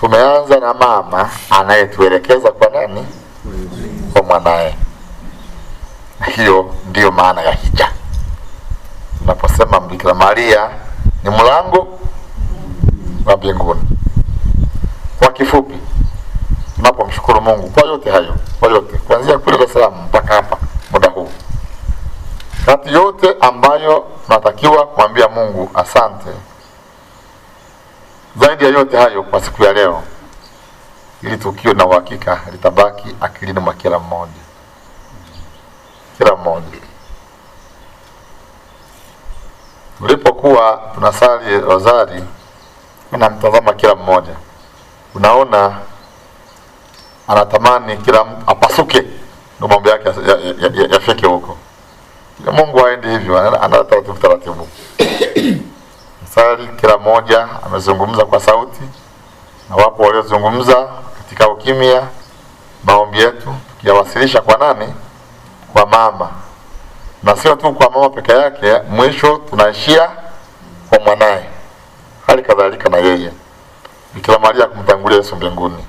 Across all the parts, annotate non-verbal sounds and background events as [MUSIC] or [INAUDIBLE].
Tumeanza na mama anayetuelekeza kwa nani? Kwa mwanaye. Hiyo ndiyo maana ya hija. Tunaposema Bikira Maria ni mlango wa mbinguni. Kwa kifupi, tunapomshukuru Mungu kwa yote hayo, kwa yote kuanzia kule Dar es Salaam mpaka hapa muda huu, kati yote ambayo tunatakiwa kumwambia Mungu asante zaidi ya yote hayo, kwa siku ya leo, ili tukio na uhakika litabaki akilini mwa kila mmoja, kila mmoja. Tulipokuwa tunasali rozari, unamtazama kila mmoja, unaona anatamani kila mtu apasuke, ndio mambo yake yafike ya, ya, ya huko. Mungu aende hivyo, anatafuta taratibu tafadhali, kila mmoja amezungumza kwa sauti, na wapo waliozungumza katika ukimya. Maombi yetu tukiyawasilisha kwa nani? Kwa mama, na sio tu kwa mama peke yake, mwisho tunaishia kwa mwanaye, hali kadhalika na yeye Bikira Maria kumtangulia Yesu mbinguni,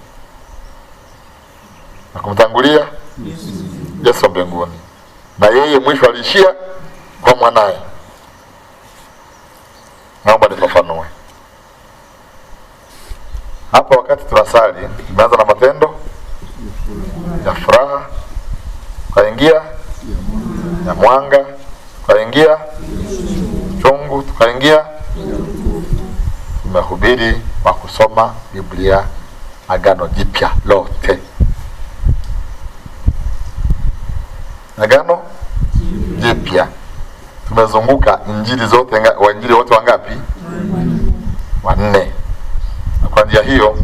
kumtangulia Yesu mbinguni, na yeye mwisho aliishia kwa mwanaye naomba nifafanue hapa. Wakati tunasali tumeanza na matendo ya furaha, tukaingia ya mwanga, tukaingia chungu, tukaingia tumehubiri kwa kusoma Biblia Agano Jipya lote, Agano Jipya tumezunguka injili zote, wainjili wote wangapi? Wanne. Na kwa njia hiyo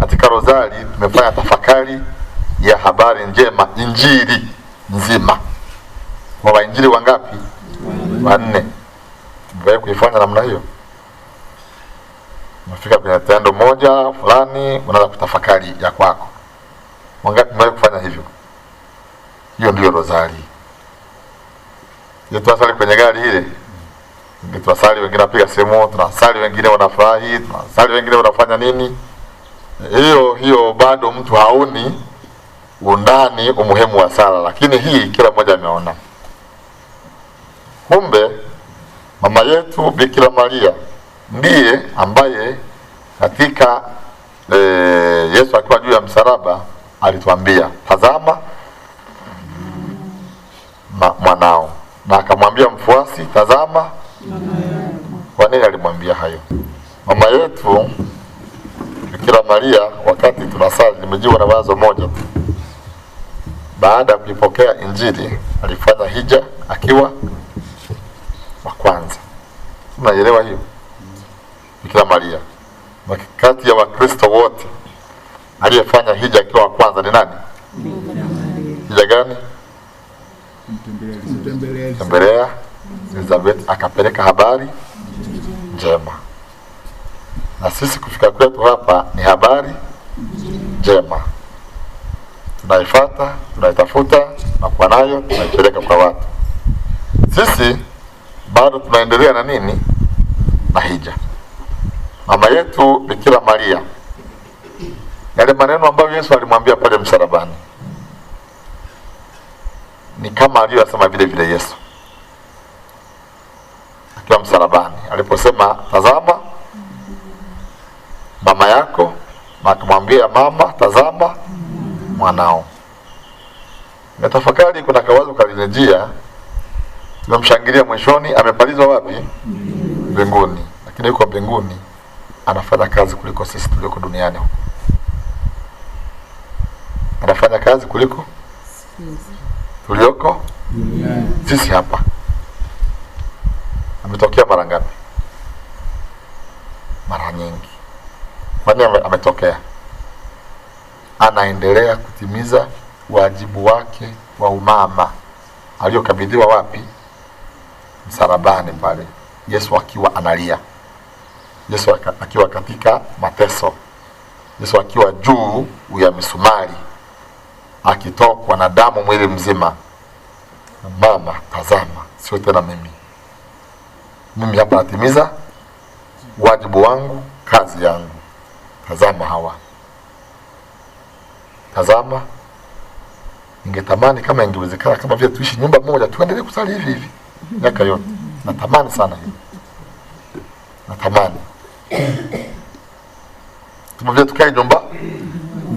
katika Rozari tumefanya tafakari ya habari njema, injili nzima kwa wainjili wangapi? Wanne. Mbaye kuifanya namna hiyo, nafika kwenye tendo moja fulani, unaanza kutafakari ya kwako. Wangapi mbaye kufanya hivyo? Hiyo ndiyo Rozari. Je, tunasali kwenye gari ile, tunasali wengine wanapiga simu, tunasali wengine wanafurahi, tunasali wengine wanafanya nini. Hiyo hiyo bado mtu haoni undani umuhimu wa sala, lakini hii kila mmoja ameona. Kumbe mama yetu Bikira Maria ndiye ambaye katika e, Yesu akiwa juu ya msalaba alituambia, tazama mwanao na akamwambia mfuasi, tazama wanene alimwambia hayo. Mama yetu Bikira Maria, wakati tunasali, nimejiwa na wazo moja tu. Baada ya kuipokea Injili, alifanya hija akiwa wa kwanza. Unaelewa hiyo? Bikira Maria kati ya Wakristo wote aliyefanya hija akiwa wa kwanza ni nani? Hija gani? kumtembelea Elizabeth akapeleka habari njema, na sisi kufika kwetu hapa ni habari njema. Tunaifata, tunaitafuta, kwa nayo, tunaipeleka kwa watu. Sisi bado tunaendelea na nini? Na hija. Mama yetu Bikira Maria, yale maneno ambayo Yesu alimwambia pale msalabani ni kama alivyosema vile vile Yesu akiwa msalabani aliposema, tazama mama yako, na mama, tazama mwanao. Natafakari, kuna kawazi ukalinijia, tumemshangilia mwishoni, amepalizwa wapi? Mbinguni. Lakini yuko mbinguni anafanya kazi kuliko sisi tulioko duniani, anafanya kazi kuliko tulioko sisi hapa. Ametokea mara ngapi? Mara nyingi. Kwani ametokea, anaendelea kutimiza wajibu wake wa umama aliyokabidhiwa wapi? Msalabani pale, Yesu akiwa analia, Yesu akiwa katika mateso, Yesu akiwa juu ya misumari akitokwa na damu mwili mzima. Mama tazama, sio tena mimi, mimi hapa natimiza wajibu wangu, kazi yangu. Tazama hawa, tazama Ningetamani kama ingewezekana, kama vile tuishi nyumba moja, tuendelee kusali hivi hivi miaka yote. Natamani sana hivi, natamani kama vile tukae nyumba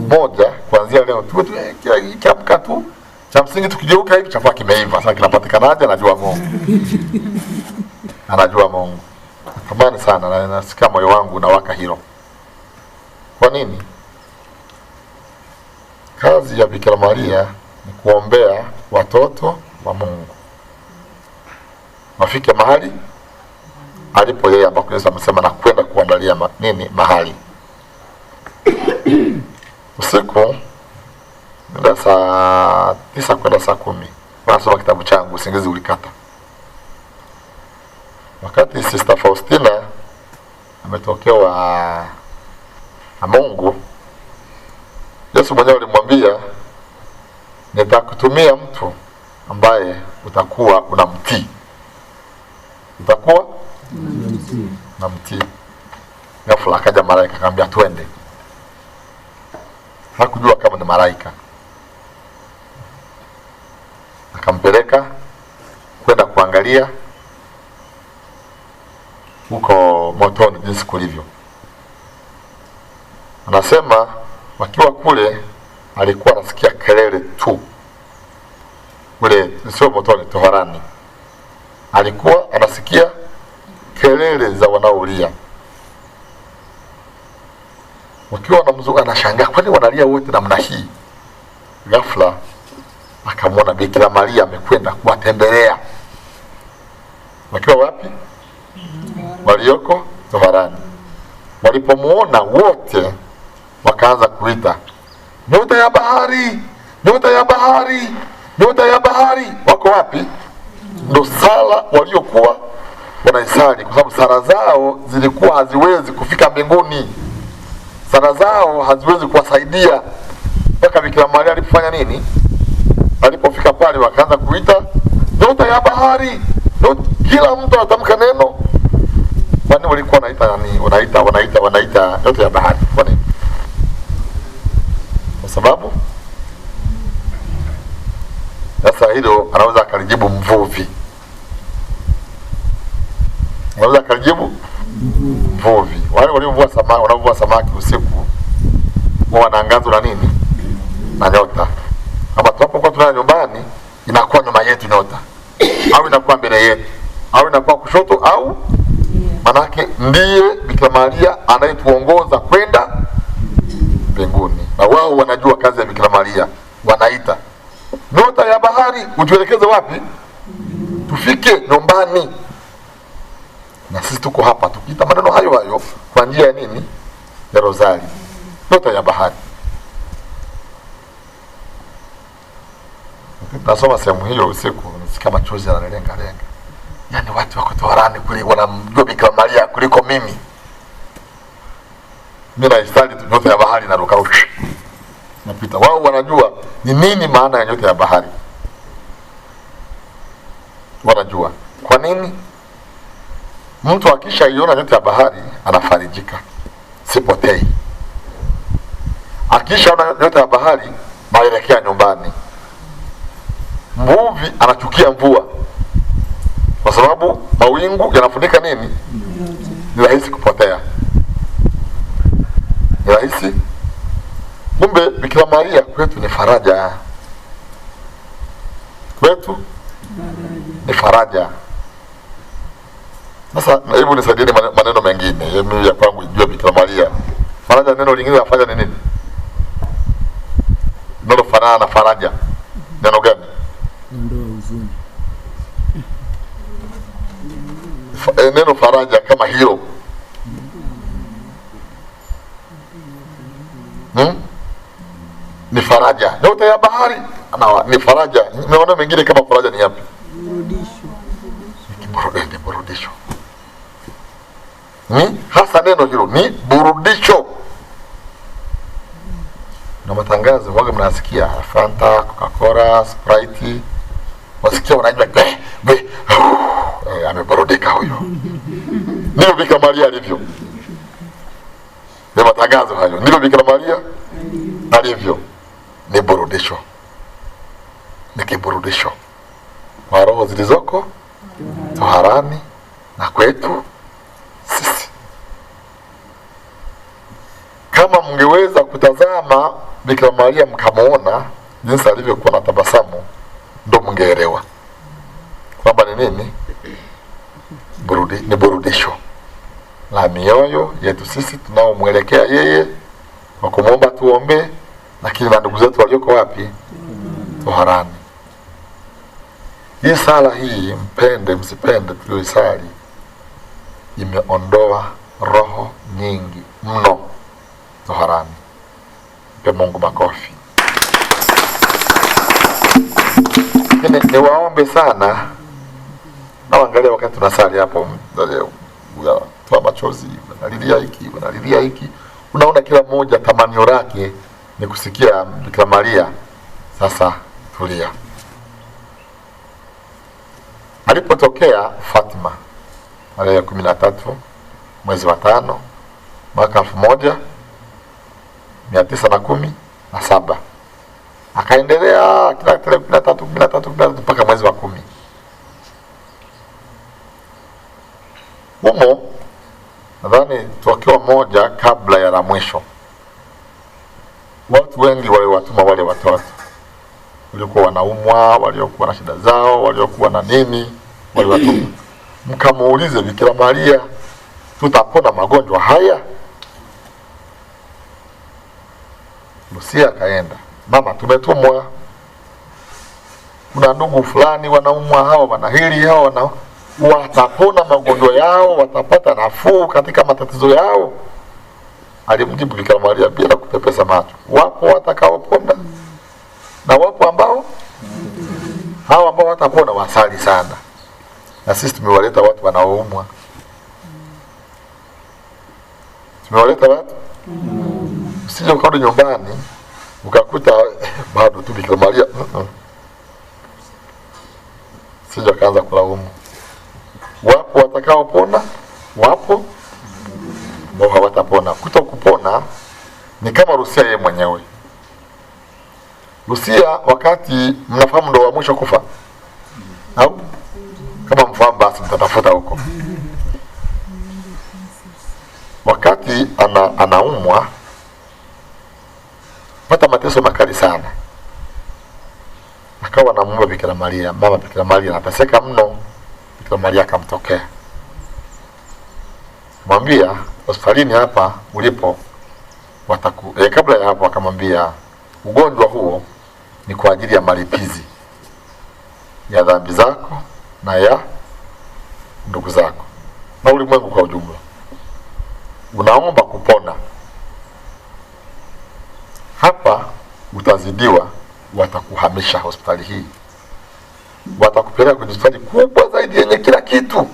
moja kuanzia leo, tu kiamka tu cha msingi tukigeuka hivi chakula kimeiva. Sasa kinapatikanaje? Anajua Mungu, [LAUGHS] anajua Mungu. Pambane sana na nasikia moyo wangu unawaka hilo. Kwa nini? Kazi ya Bikira Maria ni kuombea watoto wa Mungu wafike mahali alipo yeye, ambako Yesu amesema kwenda kuandalia nini mahali usiku da saa tisa kwenda saa kumi nasoma kitabu changu usingizi ulikata. Wakati Sister Faustina ametokewa na Mungu, Yesu mwenyewe alimwambia, nitakutumia mtu ambaye utakuwa una mtii utakuwa unamtii. Ghafla akaja malaika akamwambia, twende hakujua kama ni malaika, akampeleka kwenda kuangalia huko motoni jinsi kulivyo. Anasema wakiwa kule alikuwa anasikia kelele tu, kule sio motoni, toharani, alikuwa anasikia kelele za wanaolia mkiwa wanamzunguka anashangaa, kwani wanalia wote namna hii? Ghafla akamwona Bikira Maria amekwenda kuwatembelea wakiwa wapi? Walioko toharani. Walipomwona wote wakaanza kuita nyota ya bahari, nyota ya bahari, nyota ya bahari. Wako wapi? Ndo sala waliokuwa wanaisali, kwa sababu sala zao zilikuwa haziwezi kufika mbinguni sala zao haziwezi kuwasaidia mpaka Bikira Maria alipofanya nini? Alipofika pale wakaanza kuita nyota ya bahari, nyota, kila mtu anatamka neno. Kwani walikuwa wanaita nani? Wanaita wanaita wanaita nyota ya bahari kwa nini? Kwa sababu sasa hilo anaweza akalijibu mvuvi, anaweza akalijibu mvuvi, wale waliovua samaki, wanaovua samaki usiku wao wanaangazwa na nini? Na nyota. Kama tunapokuwa tunaa nyumbani, inakuwa nyuma yetu nyota, au inakuwa mbele yetu, au inakuwa kushoto au manake ndiye Bikira Maria anayetuongoza kwenda mbinguni, na wao wanajua kazi ya Bikira Maria. Wanaita nyota ya bahari, utuelekeze wapi tufike nyumbani na sisi tuko hapa tukiita maneno hayo hayo kwa njia ya nini ya rozari nyota ya bahari. Nasoma sehemu hiyo usiku, nasikia machozi yanalenga lenga, yani watu wako toharani kule, wanamjua Bikira Maria kuliko mimi. Mimi na naistali nyota ya bahari naruka ruka napita, wao wanajua ni nini maana ya nyota ya bahari, wanajua kwa nini Mtu akishaiona nyota ya bahari anafarijika, sipotei. Akishaona nyota ya bahari naelekea nyumbani. Mvuvi anachukia mvua kwa sababu mawingu yanafunika nini, ni rahisi kupotea, ni rahisi. Kumbe Bikira Maria kwetu ni faraja, kwetu ni faraja. Sasa hebu nisaidieni maneno mengine mimi ya kwangu juu ya Bikira Maria. Faraja, neno lingine afanya ni nini? Neno fanana na faraja. Neno gani? Ndio uzuni. Eh, neno faraja kama hilo hmm? Ni faraja nyota ya bahari na, ni faraja. Neno mengine kama faraja ni yapi? Burudisho, burudisho ni hmm? hasa neno hilo ni burudisho na matangazo waga mnasikia Fanta, Coca-Cola, Sprite, wasikia wananywa gwe gwe, eh, ameburudika huyo Ndio Bikira Maria alivyo. Ni matangazo hayo, Ndio Bikira Maria alivyo, ni burudisho, ni kiburudisho kwa roho zilizoko toharani na kwetu Kama mngeweza kutazama Bikira Maria mkamuona jinsi alivyokuwa na tabasamu, ndo mngeelewa kwamba ni nini burudi, ni burudisho la mioyo yetu sisi tunaomwelekea yeye kwa kumwomba tuombe, lakini na ndugu zetu walioko wapi? Toharani. Hii sala hii, mpende msipende, tuliyoisali imeondoa roho nyingi mno mm hadharani. Mpe Mungu makofi. Niwaombe ni sana nawangalia, wakati tunasali hapo toa machozi, nalilia hiki nalilia hiki, unaona kila mmoja tamanio lake ni kusikia Bikira Maria. Sasa tulia, alipotokea Fatima tarehe ya kumi na tatu mwezi wa tano mwaka elfu moja mia tisa na kumi na saba akaendelea kila tarehe kumi na tatu kumi na tatu kumi na tatu mpaka mwezi wa kumi humo nadhani tuwakiwa moja kabla ya la mwisho, watu wengi waliwatuma wale watoto waliokuwa wanaumwa, waliokuwa na shida zao, waliokuwa na nini, waliwatuma mkamuulize Bikira Maria, tutapona magonjwa haya? Lucia akaenda, mama, tumetumwa, kuna ndugu fulani wanaumwa, hao wana hili, hao wana watapona magonjwa yao, watapata nafuu katika matatizo yao. Alimjibu Bikira Maria bila kupepesa macho, wapo watakaopona na wapo ambao hao ambao watapona wasali sana, na sisi tumewaleta watu wanaoumwa, tumewaleta watu msije mkarudi nyumbani mkakuta [LAUGHS] bado tu Bikira Maria sije kulaumu. Wapo watakaopona, wapo ambao hawatapona. Kuto kupona ni kama Rusia yeye mwenyewe. Rusia wakati mnafahamu ndo wa mwisho kufa au kama mfahamu basi mtatafuta huko wakati ana, anaumwa pata mateso makali sana, akawa namuomba Bikira Maria. Mama Bikira Maria anateseka mno, Bikira Maria akamtokea, mwambia hospitalini hapa ulipo wataku e, kabla ya hapo akamwambia ugonjwa huo ni kwa ajili ya malipizi ya dhambi zako na ya ndugu zako na ulimwengu kwa ujumla, unaomba kupona hapa utazidiwa, watakuhamisha hospitali hii, watakupeleka kwenye hospitali kubwa zaidi yenye kila kitu.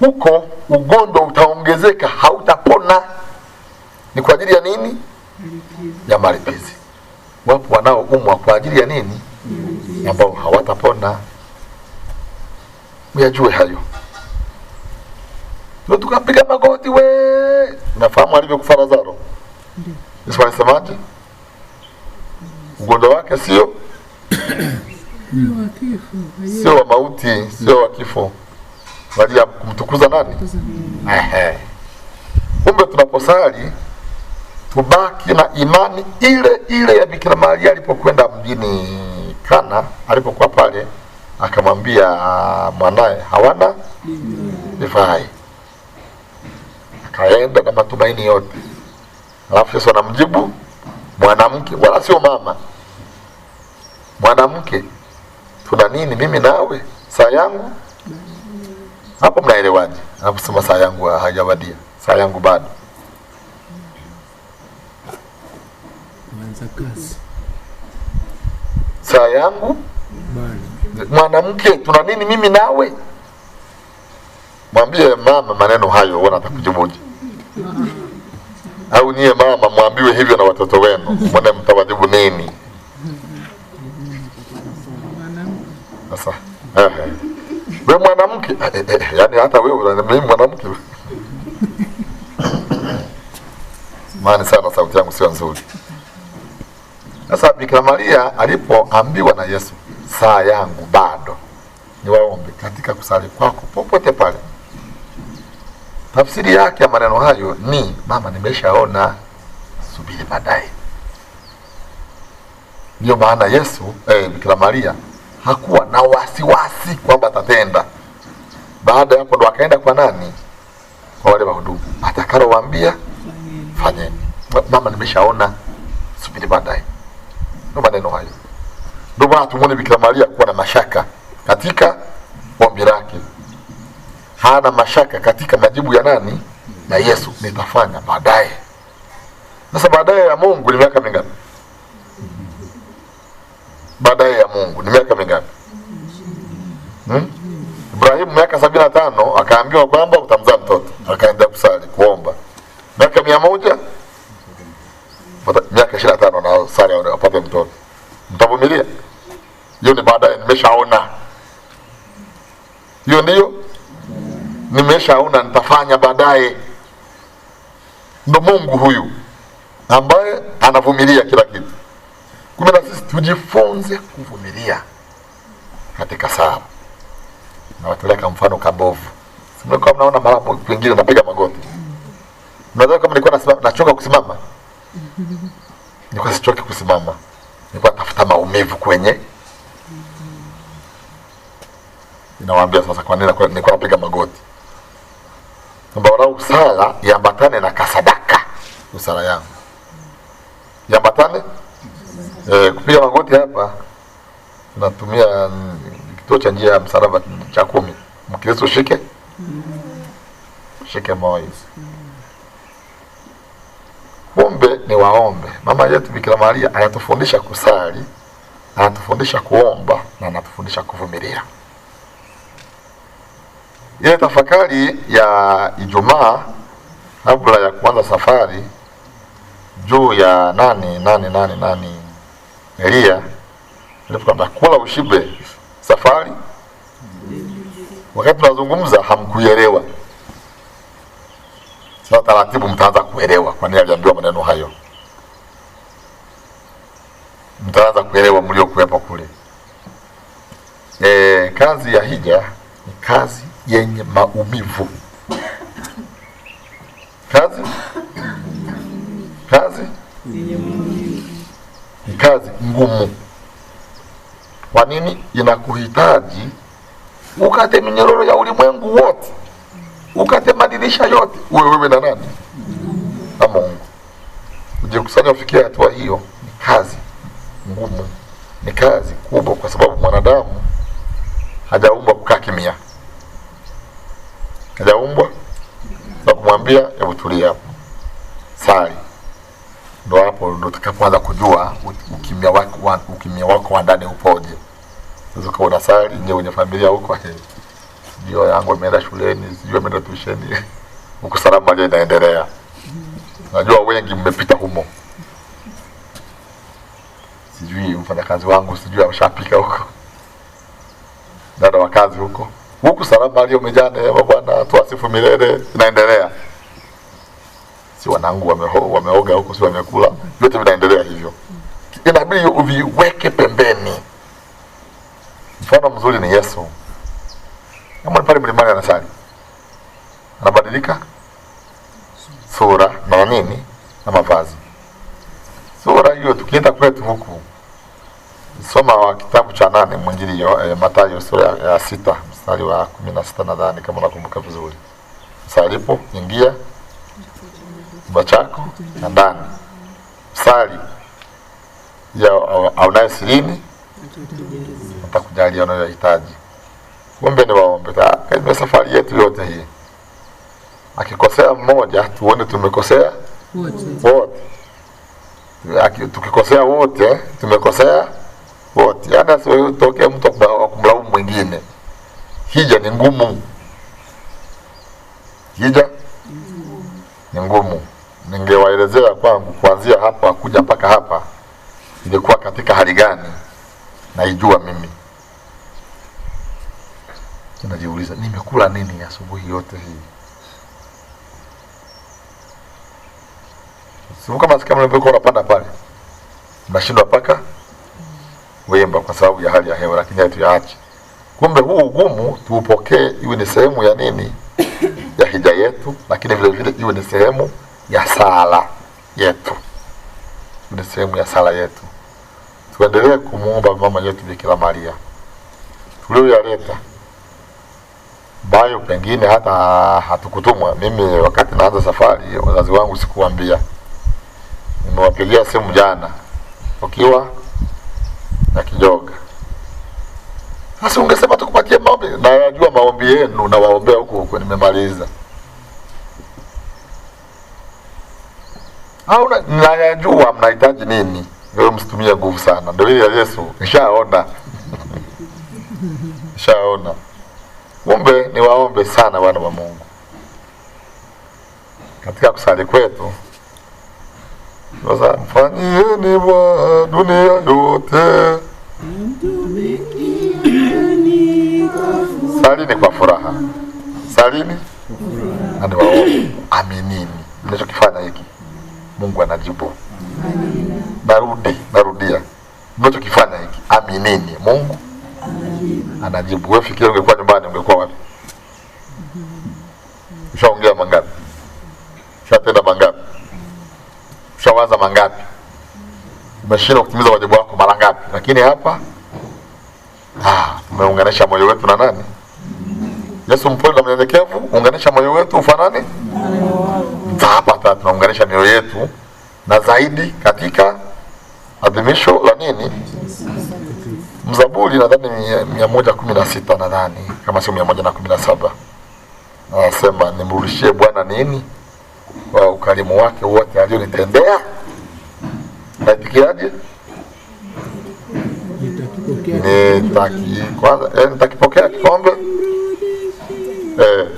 Huko ugonjwa utaongezeka, hautapona. Ni kwa ajili ya nini? Ya malipizi. Wapo wanaoumwa kwa ajili ya nini? Ambao hawatapona. Muyajue hayo, ndio tukapiga magoti. We nafahamu alivyokufa Lazaro. Ismail Samati ugonjwa wake sio sio wa mauti, sio wa kifo, bali ya kumtukuza nani? Ehe, kumbe tunaposali tubaki na imani ile ile ya Bikira Maria alipokwenda mjini Kana, alipokuwa pale akamwambia mwanaye hawana divai, akaenda na matumaini yote Alafu Yesu anamjibu mwanamke, wala sio mama, mwanamke, tuna nini mimi nawe? Saa yangu hapo, mnaelewaje anaposema saa yangu hajawadia? Saa yangu bado saa yangu mwanamke, tuna nini mimi nawe? Mwambie mama maneno hayo, unataka kujibuje? au nyie mama mwambiwe hivyo na watoto wenu, mwone mtawajibu nini? Sasa eh, eh. we mwanamke, eh, yani hata wewe mimi mwanamke mani sana, sauti yangu sio nzuri. Sasa Bikira Maria alipoambiwa na Yesu, saa yangu bado, niwaombe katika kusali kwako popote pale Tafsiri yake ya maneno hayo ni mama, nimeshaona, subiri baadaye. Ndiyo maana Yesu eh, Bikira Maria hakuwa na wasiwasi kwamba atatenda. Baada ya hapo ndo akaenda kwa nani? Kwa wale wahudumu, atakalowaambia fanyeni. Mama, nimeshaona, subiri baadaye, Ndio maneno hayo. Ndio maana tumuone Bikira Maria kuwa na mashaka katika ombi lake hana mashaka katika majibu ya nani na Yesu, nitafanya baadaye. Sasa baadaye ya Mungu ni miaka mingapi? Baadaye ya Mungu ni miaka mingapi? hmm? Ibrahimu miaka sabini na tano akaambiwa kwamba utamzaa nimeshaona nitafanya baadaye. Ndo Mungu huyu ambaye anavumilia kila kitu. Kumbe na sisi tujifunze kuvumilia katika sala. Nawatolea mfano kabovu. Simlikuwa mnaona mara pengine napiga magoti. Mnadhani kama nilikuwa nachoka kusimama? Nilikuwa sichoki kusimama. Nilikuwa tafuta maumivu kwenye inawaambia sasa, kwa nini nilikuwa napiga magoti? kwamba wanangu, sala iambatane na kasadaka, sala yangu iambatane e, eh, kupiga magoti hapa natumia mm, kituo cha njia ya msalaba cha kumi. Mkristo shike shike moyo kumbe ni waombe. Mama yetu Bikira Maria anatufundisha kusali, anatufundisha kuomba na anatufundisha kuvumilia. Ile tafakari ya Ijumaa kabla ya kuanza safari juu ya nani nani nani nani Elia, kwamba kula ushibe safari. Wakati tunazungumza hamkuelewa, sasa taratibu mtaanza kuelewa kwa nini aliambiwa maneno hayo, mtaanza kuelewa mliokuwepo kule. E, kazi ya hija ni kazi yenye maumivu. Kazi kazi ni kazi ngumu. Kwa nini? Inakuhitaji ukate minyororo ya ulimwengu wote, ukate madirisha yote, uwe wewe na nani na Mungu, ujikusanya ufikia hatua hiyo. Ni kazi ngumu, ni kazi kubwa, kwa sababu mwanadamu hajau kukwambia, hebu tulia hapo, sali, ndo hapo ndo utakapoanza kujua ukimya wako, ukimya wako wa ndani upoje. Sasa kwa unasali nje kwenye familia huko, ndio yangu imeenda shuleni, sijui imeenda tuisheni huko, [LAUGHS] salama ndio inaendelea. Najua wengi mmepita humo, sijui mfanyakazi wangu, sijui ameshapika huko, dada wa kazi huko huku, salama aliyomejaa neema. Bwana tuasifu milele, inaendelea si wanangu wameho, wameoga huko, si wamekula, vyote vinaendelea hivyo, inabidi uviweke pembeni. Mfano mzuri ni Yesu, kama pale mlimani anasali, anabadilika sura na nini na mavazi. Sura hiyo tukienda kwetu huku soma wa kitabu cha nane mwinjili eh, Mathayo sura ya, ya sita mstari wa kumi na sita nadhani kama nakumbuka vizuri, salipo ingia chumba chako na ndani. Sali ya aunaye sirini atakujalia unayohitaji. Kumbe ni waombe katika safari yetu yote hii, akikosea mmoja tuone tumekosea wote, tukikosea wote tumekosea wote, yaani asitokee mtu akumlaumu mwingine. Hija ni ngumu, hija ni ngumu ningewaelezea kwangu kuanzia hapa kuja mpaka hapa nilikuwa katika hali gani, naijua mimi. Najiuliza, nimekula nini asubuhi yote hii? Mlivyokuwa napanda pale, mnashindwa mpaka Wemba kwa sababu ya hali ya hewa, lakini hatuyaache. Kumbe huu ugumu tuupokee, iwe ni sehemu ya nini ya hija yetu, lakini vile vile iwe ni sehemu ya sala yetu, ni sehemu ya sala yetu. Tuendelee kumwomba mama yetu Bikira Maria tulioyaleta bayo, pengine hata hatukutumwa. Mimi wakati naanza safari, wazazi wangu sikuambia nimewapigia simu jana ukiwa na kijoga. Sasa ungesema tukupatie maombi, na najua maombi yenu, nawaombea huko huko, nimemaliza au ah, mnayajua mnahitaji nini. Wewe msitumie nguvu sana, ndio ile Yesu nishaona [LAUGHS] nishaona. Kumbe niwaombe sana wana wa Mungu, katika kusali kwetu sasa, mfanyieni Bwana dunia yote salini kwa furaha, salini na niwaombe, aminini mnachokifanya hiki Mungu anajibu. Narudi, narudia mnachokifanya hiki, aminini, Mungu anajibu. Wewe fikiria, ungekuwa nyumbani ungekuwa wapi? Ushaongea mangapi? Ushatenda mangapi? Ushawaza mangapi? Umeshindwa kutimiza wajibu wako mara ngapi? Lakini hapa tumeunganisha ah, moyo wetu na nani? Yesu mpole na mnyenyekevu, unganisha moyo wetu ufanani za hapa tunaunganisha mioyo yetu na zaidi katika adhimisho la nini Mzaburi nadhani mia moja kumi na sita nadhani kama sio mia moja na kumi na saba anasema nimrudishie Bwana nini kwa ukarimu wake wote alionitendea. Naitikiaje? Eh, nitakipokea kikombe eh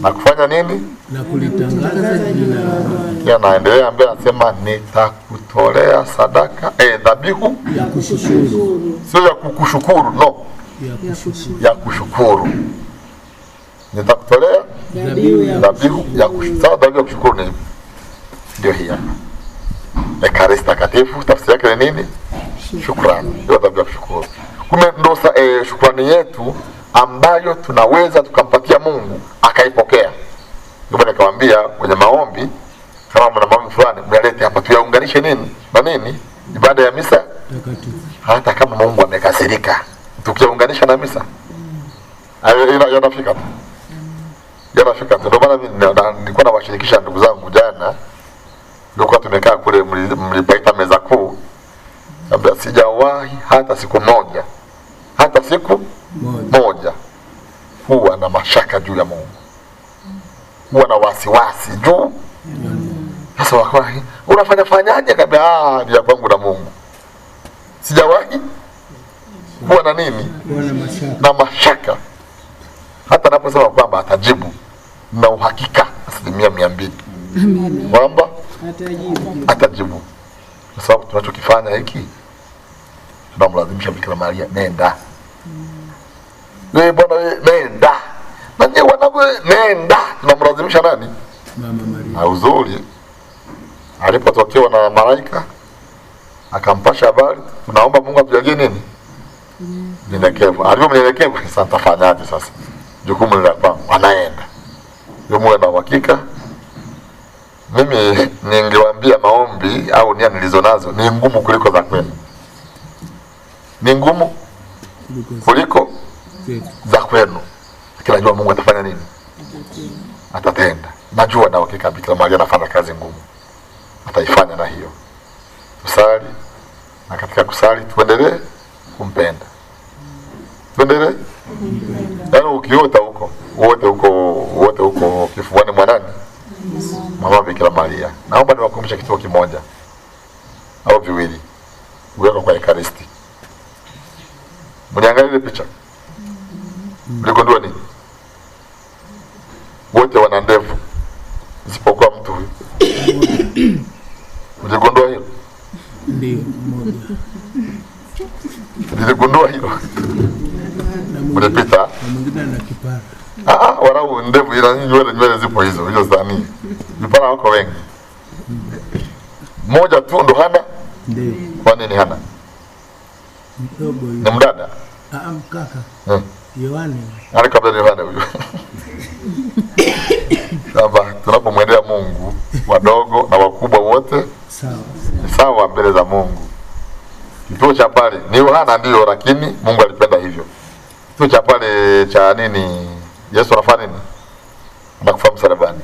na kufanya nini? Na kulitangaza jina la Bwana. Anaendelea ambaye anasema nitakutolea sadaka eh, dhabihu ya kushukuru, sio ya kukushukuru, no, ya kushukuru, Nitakutolea dhabihu ya kushukuru. Dhabihu ya kushukuru ni ndio hiyo Ekaristi Takatifu, tafsiri yake ni nini? Shukrani, ndio dhabihu ya kushukuru. Kumbe ndio eh, shukrani yetu ambayo tunaweza tukampatia Mungu akaipokea. Ndio nikamwambia kwenye maombi, kama mna maombi fulani mnalete hapa tuyaunganishe nini na nini, ibada ya misa, hata kama Mungu amekasirika, tukiunganisha na misa yanafika yanafika. Ndio maana mimi nilikuwa nawashirikisha ndugu zangu, jana ndio tumekaa kule, mlipaita meza kuu, sijawahi hata siku moja, hata siku moja huwa na mashaka juu ya Mungu, huwa na wasiwasi juu sasa wakawahi unafanya fanyaje? Kabla ah, ni ya kwangu na Mungu, sijawahi kuwa na nini na mashaka, hata anaposema kwamba atajibu na uhakika asilimia mia mbili kwamba atajibu, kwa sababu tunachokifanya hiki tunamlazimisha Bikira Maria, nenda we bwana nenda na nyie nenda tunamlazimisha nani mama Maria uzuri alipotokewa na malaika akampasha habari naomba Mungu atujalie nini nyenyekevu mm. alivyomnyenyekevu sasa nitafanyaje sasa jukumu ni la kwangu anaenda muwe na uhakika mimi ningewaambia maombi au nia nilizonazo ni ngumu kuliko za kwenu ni ngumu kuliko za kwenu, lakini najua Mungu atafanya nini, atatenda. Najua na uhakika Bikira Maria anafanya kazi ngumu, ataifanya na hiyo. usali, na katika kusali tuendelee kumpenda, tuendelee yaani, ukiota huko wote huko wote huko kifuani mwa nani, mama Bikira Maria. Naomba niwakumbushe kitu kimoja au viwili, uweko kwa Ekaristi, mniangalie picha mligundua nini? Wote wana ndevu isipokuwa mtu huyu. Mligundua hilo? Ndio, mmoja niligundua hilo. Mlipita warau ah, ah, ndevu, ila nywele nywele zipo hizo hizo zani vipara wako wengi, mmoja tu ndo hana. Kwa nini hana? Ni mdada ah, mkaka. Eh. Yohane. Nani kabla Yohane huyo? tunapomwendea Mungu wadogo na wakubwa wote sawa. Sawa mbele za Mungu. Kituo cha pale ni Yohana ndio, lakini Mungu alipenda hivyo. Kituo cha pale cha nini? Yesu anafanya nini? Anakufa msalabani.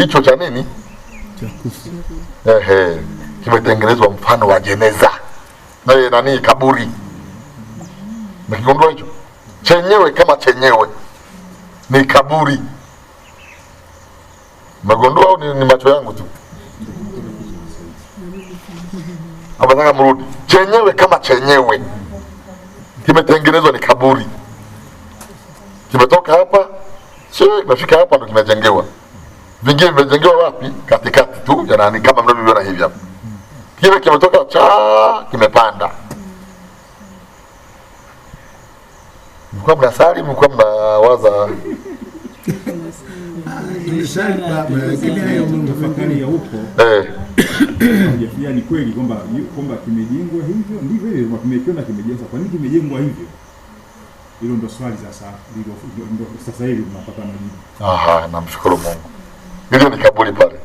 hicho cha nini ehe, kimetengenezwa mfano wa jeneza na nani kaburi, mkigundua hicho chenyewe kama chenyewe ni kaburi. Megundua au ni, ni macho yangu tu abataka mrudi, chenyewe kama chenyewe kimetengenezwa ni kaburi, kimetoka hapa, sio nafika hapa ndo kinajengewa vingine vimejengewa wapi? Katikati tu ya nani, kama mnavyoviona hivi hapa. Kile kimetoka cha kimepanda. Mkuwa mnasali, mkuwa mnawaza eh, eh. ni kweli kwamba kwamba kimejengwa hivyo ndivyo hivyo, kimekiona kimejengwa. Kwa nini kimejengwa hivyo? Hilo ndo swali sasa, sasa hivi tunapata majibu. Aha, namshukuru Mungu hilo ni kaburi pale.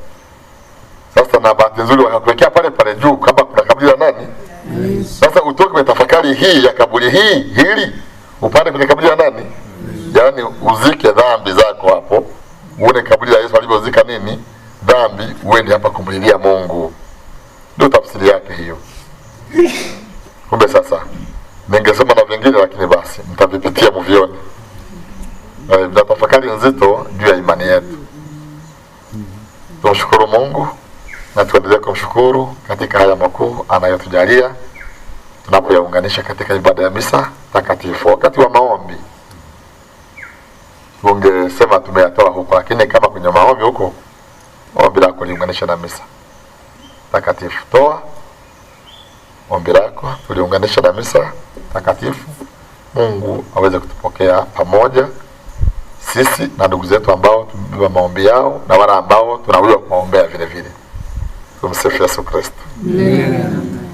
Sasa na bahati nzuri wakakuwekea pale pale juu kama kuna kaburi la nani. Sasa utoke tafakari hii ya kaburi hii hili upande kwenye kaburi la nani, yaani uzike dhambi zako hapo, uone kaburi la Yesu alivyozika nini dhambi, uende hapa kumlilia aliyotujalia tunapoyaunganisha katika ibada ya misa takatifu. Wakati wa maombi ungesema tumeyatoa huko, lakini kama kwenye maombi huko, ombi lako liunganisha na misa takatifu. Toa ombi lako, tuliunganisha na misa takatifu, Mungu aweze kutupokea pamoja sisi na ndugu zetu ambao tumebeba maombi yao na wale ambao tunawiwa kuwaombea vile vile. Tumsifu Yesu Kristo. amen.